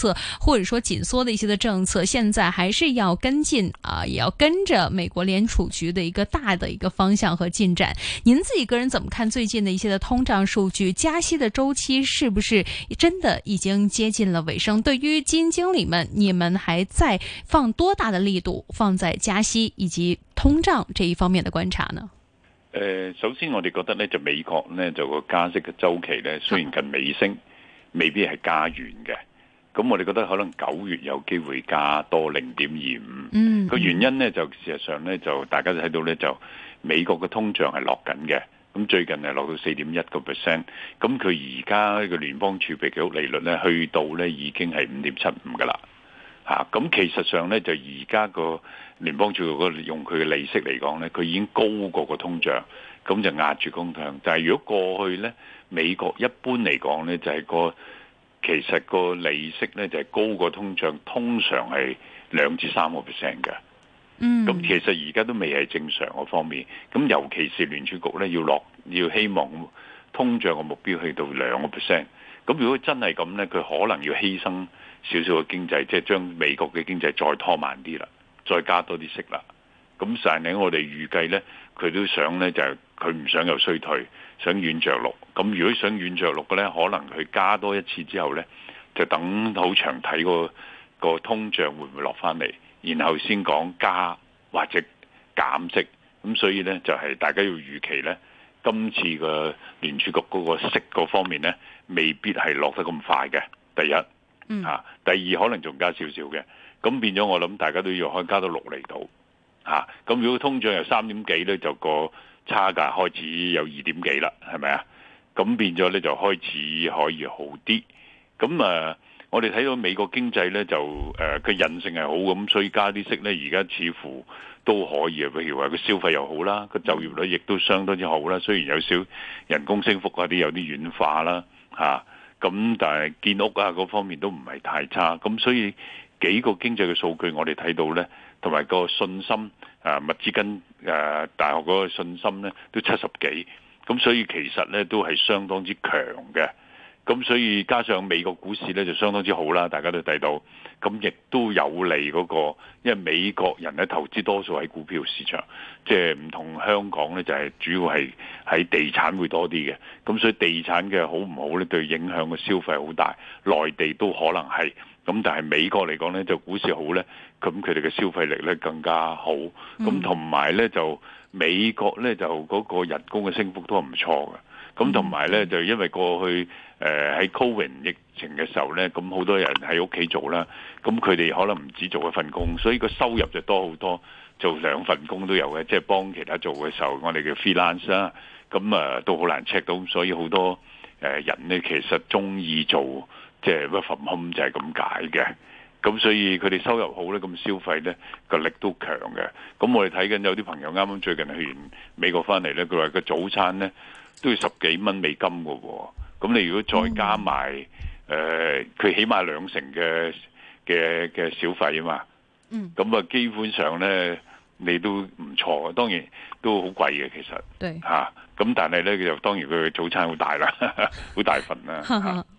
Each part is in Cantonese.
策或者說緊縮的一些的政策，現在還是要跟進啊、呃，也要跟着美國聯儲局的一個大的一個方向和進展。您自己個人怎麼看最近的一些的通脹數據？加息的周期是不是真的已經接近了尾聲？對於基金經理們，你們還在放多大的力度放在加息以及通脹這一方面的觀察呢？呃，首先我哋覺得呢，就美國呢，就個加息嘅周期呢，雖然近尾聲，未必係加遠嘅。咁我哋覺得可能九月有機會加多零點二五，個原因咧就事實上咧就大家睇到咧就美國嘅通脹係落緊嘅，咁最近係落到四點一個 percent，咁佢而家呢個聯邦儲備局利率咧去到咧已經係五點七五㗎喇，嚇咁其實上咧就而家個聯邦儲備局用佢嘅利息嚟講咧，佢已經高過個通脹，咁就壓住通脹。但係如果過去咧，美國一般嚟講咧就係個。其實個利息咧就係、係、高過通脹，通常係兩至三個 percent 嘅。嗯，咁、mm. 其實而家都未係正常個方面。咁尤其是聯儲局咧，要落要希望通脹個目標去到兩個 percent。咁如果真係咁咧，佢可能要犧牲少少個經濟，即係將美國嘅經濟再拖慢啲啦，再加多啲息啦。咁實係咧，我哋預計咧，佢都想咧就係。佢唔想有衰退，想軟着陸。咁如果想軟着陸嘅咧，可能佢加多一次之後咧，就等好長睇個、個通脹會唔會落翻嚟，然後先講加或者減息。咁所以咧就係、是、大家要預期咧，今次個聯儲局嗰個息嗰方面咧，未必係落得咁快嘅。第一，嗯、第二可能仲加少少嘅。咁變咗我諗，大家都要可以加到六厘度。嚇，咁如果通脹由三點幾咧，就個差價開始有二點幾啦，係咪啊？咁變咗呢，就開始可以好啲。咁啊，我哋睇到美國經濟呢，就誒佢韌性係好咁，所以加啲息呢，而家似乎都可以啊。譬如話個消費又好啦，個就業率亦都相當之好啦。雖然有少人工升幅啊啲有啲軟化啦吓，咁啊，但係建屋啊嗰方面都唔係太差。咁所以幾個經濟嘅數據我哋睇到呢，同埋個信心。誒、啊、物資跟誒、啊、大學嗰個信心呢都七十幾，咁所以其實呢都係相當之強嘅。咁所以加上美國股市呢，就相當之好啦，大家都睇到，咁亦都有利嗰、嗰個，因為美國人咧投資多數喺股票市場，即係唔同香港呢，就係、係、主要係喺地產會多啲嘅。咁所以地產嘅好唔好呢？對影響嘅消費好大，內地都可能係。咁但係美國嚟講咧，就股市好咧，咁佢哋嘅消費力咧更加好。咁同埋咧就美國咧就嗰個人工嘅升幅都係唔錯嘅。咁同埋咧就因為過去誒喺、呃、Covid 疫情嘅時候咧，咁好多人喺屋企做啦。咁佢哋可能唔止做一份工，所以個收入就多好多，做兩份工都有嘅，即、就、係、是、幫其他做嘅時候，我哋叫 freelance 啦、啊。咁啊都好難 check 到，所以好多誒人咧其實中意做。即係屈就係咁解嘅，咁所以佢哋收入好咧，咁消費咧個力都強嘅。咁我哋睇緊有啲朋友啱啱最近去完美國翻嚟咧，佢話個早餐咧都要十幾蚊美金㗎喎。咁你如果再加埋誒，佢、嗯呃、起碼兩成嘅嘅嘅小費啊嘛。嗯。咁啊，基本上咧你都唔錯，當然都好貴嘅其實。咁、啊、但係咧，佢就當然佢嘅早餐好大啦，好 大份啦。 啊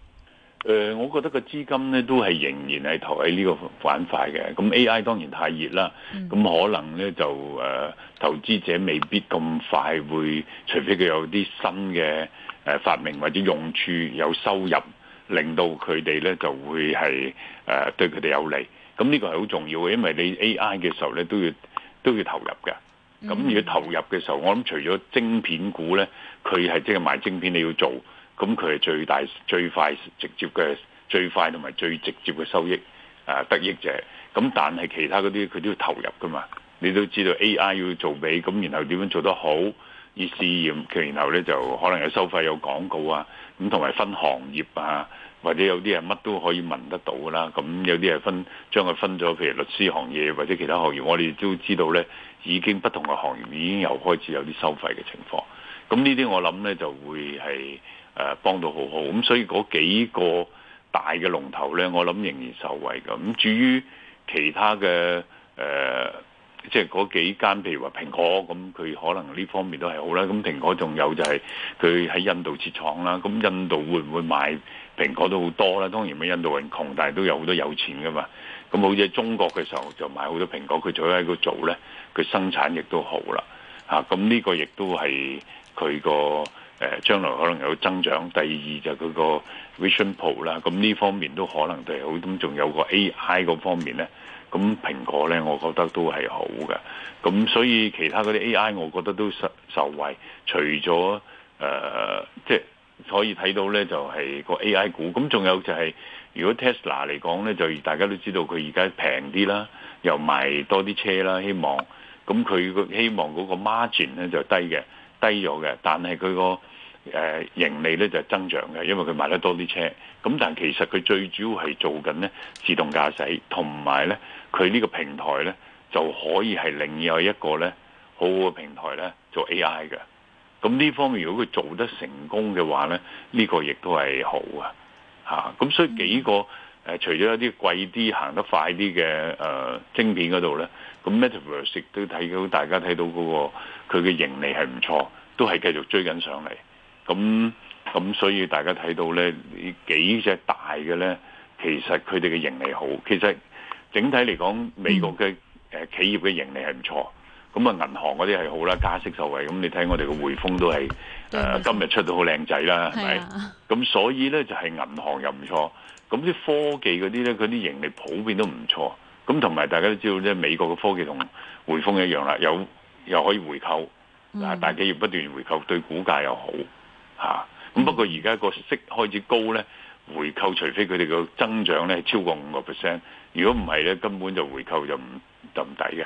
誒、呃，我覺得個資金咧都係仍然係投喺呢個板塊嘅。咁 A.I. 當然太熱啦，咁可能咧就誒、呃、投資者未必咁快會，除非佢有啲新嘅誒、呃、發明或者用處有收入，令到佢哋咧就會係誒、呃、對佢哋有利。咁呢個係好重要嘅，因為你 A.I. 嘅時候咧都要都要投入嘅。咁如果投入嘅時候，我諗除咗晶片股咧，佢係即係賣晶片，你要做。咁佢係最大、最快、直接嘅最快同埋最直接嘅收益、啊，得益者。咁但係其他嗰啲佢都要投入噶嘛？你都知道 A I 要做畀？咁然後點樣做得好？要試驗佢，然後咧就可能有收費、有廣告啊。咁同埋分行業啊，或者有啲係乜都可以問得到啦。咁有啲係分將佢分咗，譬如律師行業或者其他行業，我哋都知道咧，已經不同嘅行業已經有開始有啲收費嘅情況。咁呢啲我諗咧就會係。誒幫到好好，咁所以嗰幾個大嘅龍頭呢，我諗仍然受惠嘅。咁至於其他嘅誒，即係嗰幾間，譬如話蘋果，咁佢可能呢方面都係好啦。咁蘋果仲有就係佢喺印度設廠啦。咁印度會唔會買蘋果都好多啦？當然，咩印度人窮，但係都有好多有錢噶嘛。咁好似喺中國嘅時候就買好多蘋果，佢做喺度做呢，佢生產亦都好啦。吓，咁呢個亦都係佢個。誒，將來可能有增長。第二就佢個 Vision Pro 啦，咁呢方面都可能都係好。咁仲有個 AI 嗰方面咧，咁蘋果咧，我覺得都係好嘅。咁所以其他嗰啲 AI，我覺得都受受惠。除咗誒，即、呃、係、就是、可以睇到咧，就係、是、個 AI 股。咁仲有就係、是，如果 Tesla 嚟講咧，就大家都知道佢而家平啲啦，又賣多啲車啦，希望。咁佢希望嗰個 margin 咧就低嘅，低咗嘅。但係佢個誒盈利咧就增長嘅，因為佢買得多啲車。咁但其實佢最主要係做緊呢自動駕駛，同埋呢佢呢個平台呢就可以係另有一個呢好好嘅平台呢做 AI 嘅。咁呢方面如果佢做得成功嘅話呢，呢、呢個亦都係好啊嚇。咁所以幾個除咗一啲貴啲行得快啲嘅誒晶片嗰度呢，咁 Metaverse 都睇到大家睇到嗰、嗰個佢嘅盈利係唔錯，都係繼續追緊上嚟。咁咁，所以大家睇到咧，呢幾隻大嘅咧，其實佢哋嘅盈利好。其實整體嚟講，美國嘅、嗯呃、企業嘅盈利係唔錯。咁啊，銀行嗰啲係好啦，加息受惠。咁你睇我哋嘅匯豐都係、呃、 今日出到好靚仔啦，係咪？咁、啊、所以咧就係、是、銀行又唔錯。咁啲科技嗰啲咧，佢啲盈利普遍都唔錯。咁同埋大家都知道呢，美國嘅科技同匯豐一樣啦，有又可以回購，嗱大企業不斷回購，對股價又好。嚇、啊！咁不過而家個息開始高咧，回購除非佢哋個增長咧超過五個 percent，如果唔係咧，根本就回購就唔就唔抵嘅。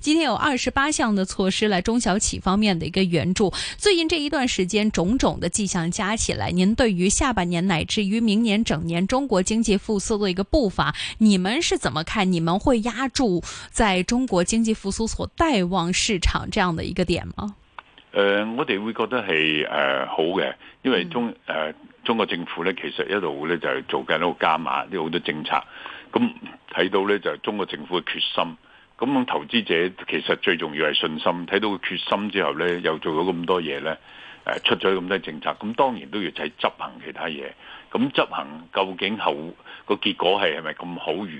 今天有二十八項的措施來中小企方面的一個援助。最近這一段時間，種種的跡象加起來，您對於下半年乃至於明年整年中國經濟復蘇的一個步伐，你們是怎麼看？你們會押注在中國經濟復蘇所帶旺市場這樣的一個點嗎？呃，我哋會覺得係誒、呃、好嘅，因為中誒、嗯呃、中國政府咧其實一路咧就係做緊一個加碼呢好多政策，咁睇到咧就是、中國政府嘅決心。咁投資者其實最重要係信心，睇到決心之後呢，又做咗咁多嘢呢，出咗咁多政策，咁當然都要睇執行其他嘢。咁執行究竟後個結果係係咪咁好如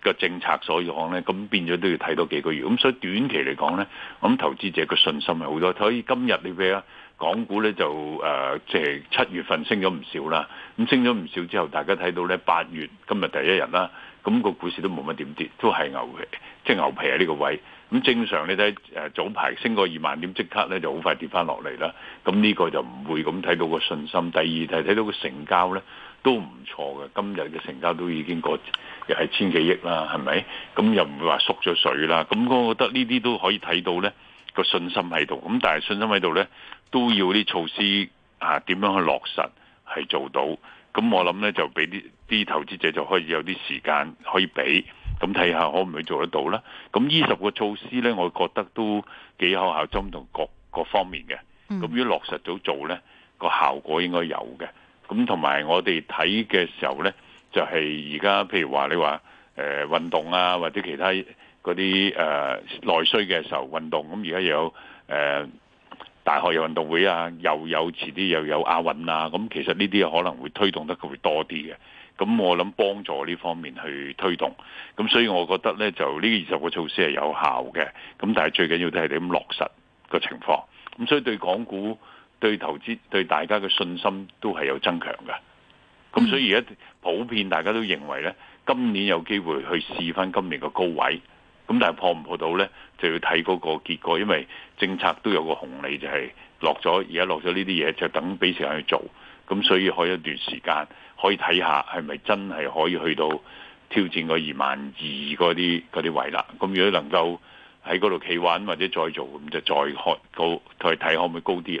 個政策所以講呢，咁變咗都要睇多幾個月。咁所以短期嚟講呢，咁投資者個信心係好多。所以今日你俾啊港股呢就、呃，就誒即係七月份升咗唔少啦。咁升咗唔少之後，大家睇到呢八月今日第一日啦。咁個股市都冇乜點跌，都係牛皮，即係牛皮喺呢個位。咁正常你睇早排升過二萬點，即刻咧就好快跌翻落嚟啦。咁呢個就唔會咁睇到個信心。第二係睇到個成交咧都唔錯嘅，今日嘅成交都已經過又係千幾億啦，係咪？咁又唔會話縮咗水啦。咁我覺得呢啲都可以睇到咧個信心喺度。咁但係信心喺度咧都要啲措施啊，點樣去落實係做到？咁我諗咧就俾啲啲投資者就可以有啲時間可以俾，咁睇下可唔可以做得到咧？咁呢十個措施咧，我覺得都幾有效，針對各各方面嘅。咁如果落實咗做咧，個效果應該有嘅。咁同埋我哋睇嘅時候咧，就係而家譬如話你話、呃、運動啊，或者其他嗰啲誒內需嘅時候運動，咁而家有誒。呃大學有運動會啊，又有遲啲又有亞運啊，咁其實呢啲可能會推動得佢會多啲嘅，咁我諗幫助呢方面去推動，咁所以我覺得呢就呢二十個措施係有效嘅，咁但係最緊要都係點樣落實個情況，咁所以對港股、對投資、對大家嘅信心都係有增強嘅，咁所以而家普遍大家都認為呢，今年有機會去試翻今年嘅高位。咁但係破唔破到呢？就要睇嗰個結果，因為政策都有個紅利就，就係落咗，而家落咗呢啲嘢，就等俾時間去做。咁所以開一段時間，可以睇下係咪真係可以去到挑戰個二萬二嗰啲嗰啲位啦。咁如果能夠喺嗰度企穩或者再做，咁就再開高，再睇可唔可以高啲。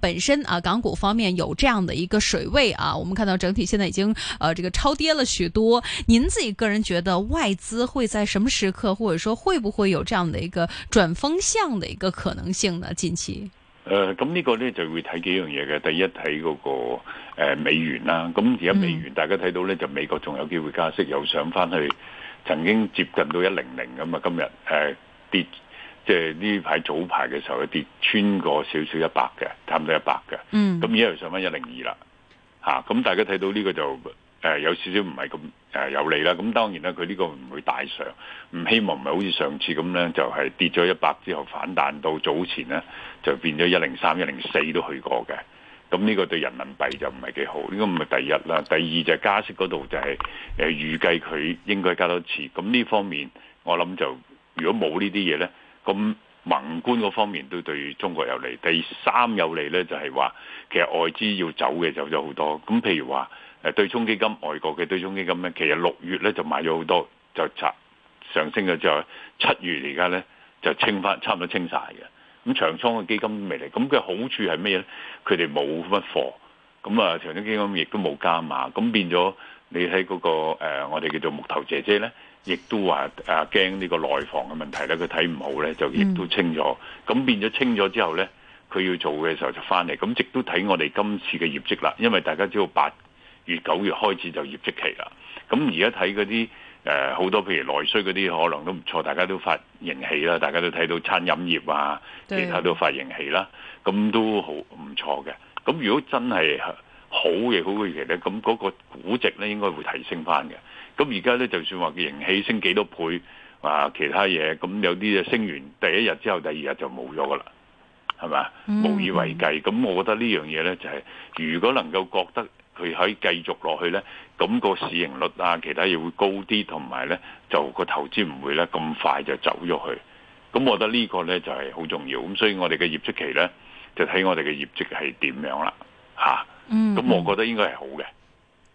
本身啊，港股方面有這樣的一個水位啊，我們看到整體現在已經呃這個超跌了許多。您自己個人覺得外資會在什麼時刻，或者說會不會有這樣的一個轉風向的一個可能性呢？近期？呃、咁、這、呢個呢，就會睇幾樣嘢嘅。第一睇嗰、那個誒、呃、美元啦、啊，咁而家美元、嗯、大家睇到呢，就美國仲有機會加息，又上翻去曾經接近到一零零咁啊，今日誒、呃、跌。即係呢排早排嘅時候，有跌穿過少少一百嘅，差唔多一百嘅。嗯、mm.。咁而家又上翻一零二啦，嚇！咁大家睇到呢個就誒、呃、有少少唔係咁誒有利啦。咁當然啦，佢呢個唔會大上，唔希望唔係好似上次咁咧，就係、是、跌咗一百之後反彈到早前咧，就變咗一零三、一零四都去過嘅。咁呢個對人民幣就唔係幾好。呢、這個唔係第一啦，第二就加息嗰度就係、是、誒、呃、預計佢應該加多次。咁呢方面我諗就如果冇呢啲嘢咧。咁宏觀嗰方面都對中國有利。第三有利咧就係話，其實外資要走嘅走咗好多。咁譬如話，誒對沖基金外國嘅對沖基金咧，其實六月咧就買咗好多，就拆上升咗之後七月而家咧就清翻，差唔多清晒嘅。咁長倉嘅基金未嚟，咁嘅好處係咩咧？佢哋冇乜貨，咁啊長倉基金亦都冇加碼，咁變咗你喺嗰個誒我哋叫做木頭姐姐咧。亦都話啊驚呢個內房嘅問題咧，佢睇唔好咧，就亦都清咗。咁、嗯、變咗清咗之後咧，佢要做嘅時候就翻嚟。咁亦都睇我哋今次嘅業績啦，因為大家知道八月九月開始就業績期啦。咁而家睇嗰啲誒好多譬如內需嗰啲，可能都唔錯，大家都發盈喜啦，大家都睇到餐飲業啊，其他都發盈喜啦，咁都好唔錯嘅。咁如果真係好嘅好嘅期咧，咁嗰個估值咧，應該會提升翻嘅。咁而家咧，就算話嘅盈氣升幾多倍啊，其他嘢咁有啲就升完第一日之後，第二日就冇咗噶啦，係咪？無以為繼。咁我覺得呢樣嘢咧就係，如果能夠覺得佢可以繼續落去咧，咁個市盈率啊，其他嘢會高啲，同埋咧就個投資唔會咧咁快就走咗去。咁我覺得呢個咧就係好重要。咁所以我哋嘅業績期咧，就睇我哋嘅業績係點樣啦，嚇。嗯，咁我覺得應該係好嘅。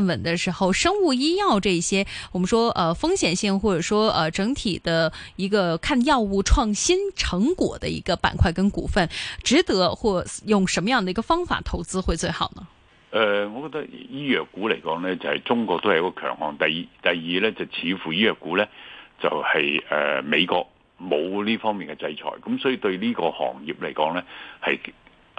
穩的時候，生物醫藥這些，我們說，呃，風險性或者說，呃，整體的一個看藥物創新成果的一個板塊跟股份，值得或用什麼樣的一個方法投資會最好呢？誒，我覺得醫藥股嚟講呢，就係、是、中國都係一個強項。第二，第二呢，就似乎醫藥股呢，就係、是、誒、呃、美國冇呢方面嘅制裁，咁所以對呢個行業嚟講呢，係。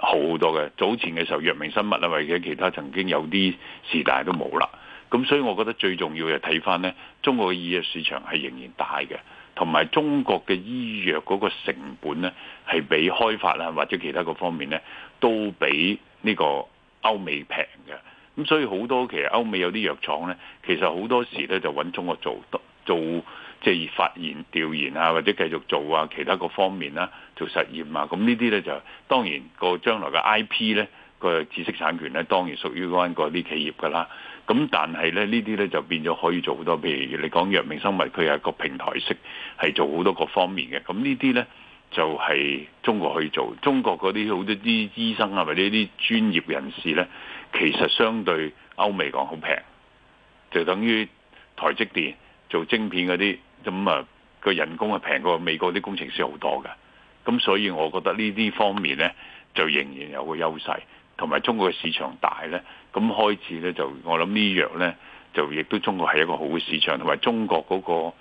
好多嘅，早前嘅時候藥明生物啊，或者其他曾經有啲是但都冇啦。咁所以我覺得最重要嘅睇翻呢，中國嘅醫藥市場係仍然大嘅，同埋中國嘅醫藥嗰個成本呢，係比開發啦，或者其他各方面呢，都比呢個歐美平嘅。咁所以好多其實歐美有啲藥廠呢，其實好多時呢，就揾中國做，做。即、就、係、是、發言、調研啊，或者繼續做啊，其他各方面啦，做實驗啊，咁呢啲呢，就當然個將來嘅 I P 呢，個知識產權呢，當然屬於嗰個啲企業㗎啦。咁但係呢啲呢，就變咗可以做好多，譬如你講藥明生物，佢係個平台式係做好多各方面嘅。咁呢啲呢，就係、是、中國可以做，中國嗰啲好多啲醫生啊，或者啲專業人士呢，其實相對歐美講好平，就等於台積電做晶片嗰啲。咁啊，個人工係平過美國啲工程師好多嘅，咁所以我覺得呢啲方面呢，就仍然有個優勢，同埋中國嘅市場大呢，咁開始呢，就我諗呢藥呢，就亦都中國係一個好嘅市場，同埋中國嗰個、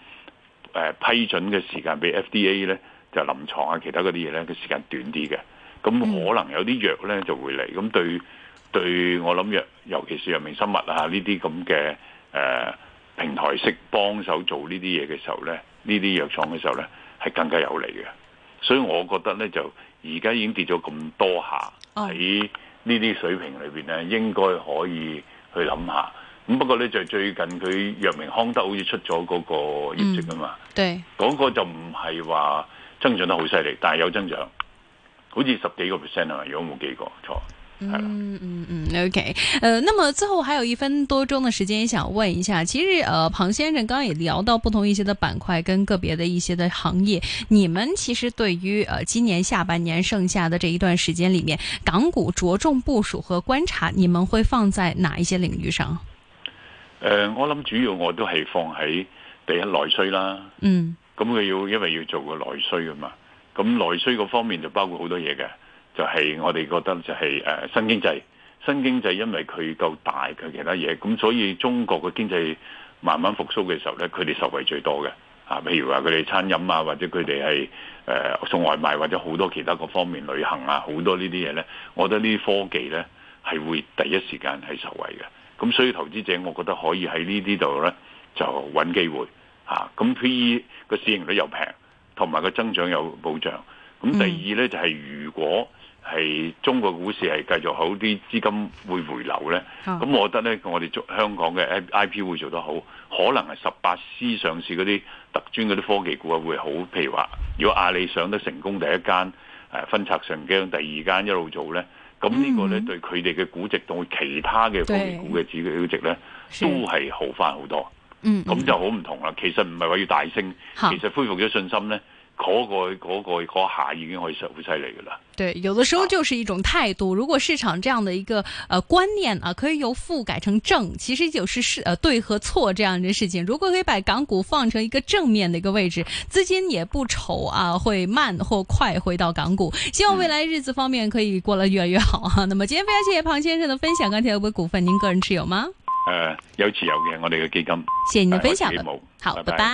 呃、批准嘅時間比 FDA 呢，就臨床啊其他嗰啲嘢呢，嘅時間短啲嘅，咁可能有啲藥呢，就會嚟，咁對對我諗藥尤其是藥明生物啊呢啲咁嘅誒。這些這平台式幫手做呢啲嘢嘅時候咧，呢啲藥廠嘅時候咧，係更加有利嘅。所以我覺得咧，就而家已經跌咗咁多下喺呢啲水平裏邊咧，應該可以去諗下。咁不過咧，就是、最近佢藥明康德好似出咗嗰個業績啊嘛、嗯，對，嗰、嗰個、就唔係話增長得好犀利，但係有增長，好似十幾個 percent 啊嘛，如果冇幾個？錯。嗯嗯嗯 OK 呃那麼最後還有一分多鐘的時間，想問一下，其實呃龐、uh, 先生剛剛也聊到不同一些的板塊跟個別的一些的行業，你們其實對於呃、uh, 今年下半年剩下的這一段時間裏面，港股着重部署和觀察，你們會放在哪一些領域上？誒、呃，我諗主要我都係放喺第一內需啦，嗯，咁佢要因為要做個內需㗎嘛，咁內需嗰方面就包括好多嘢嘅。就係我哋覺得就係誒新經濟，新經濟，因為佢夠大嘅其他嘢，咁所以中國嘅經濟慢慢復甦嘅時候咧，佢哋受惠最多嘅啊。譬如話佢哋餐飲啊，或者佢哋係誒送外賣或者好多其他各方面旅行啊，好多呢啲嘢咧，我覺得呢啲科技咧係會第一時間係受惠嘅。咁所以投資者我覺得可以喺呢啲度咧就揾機會嚇。咁 P E 個市盈率又平，同埋個增長有保障。咁第二咧就係如果係中國股市係繼續好啲，資金會回流呢。咁、啊、我覺得呢，我哋做香港嘅 IPO 會做得好。可能係十八 C 上市嗰啲特專嗰啲科技股啊，會好。譬如話，如果阿里上得成功第一間，誒、啊、分拆上京，第二間一路做呢。咁呢個咧、嗯、對佢哋嘅估值同其他嘅科技股嘅指標值呢，都係好翻好多。嗯，咁就好唔同啦。其實唔係話要大升、啊，其實恢復咗信心呢。嗰、那個嗰、那個嗰下已經可以實好犀利噶啦。對，有的時候就是一種態度。如果市場這樣的一個呃觀念啊，可以由負改成正，其實就是是呃對和錯這樣的事情。如果可以把港股放成一個正面的一個位置，資金也不愁啊，會慢或快回到港股。希望未來日子方面可以過得越來越好哈、啊嗯。那麼今天非常謝謝龐先生的分享。剛才有個股份，您個人持有嗎？呃，有持有嘅，我哋嘅基金。謝謝您的分享，哎。好，拜拜。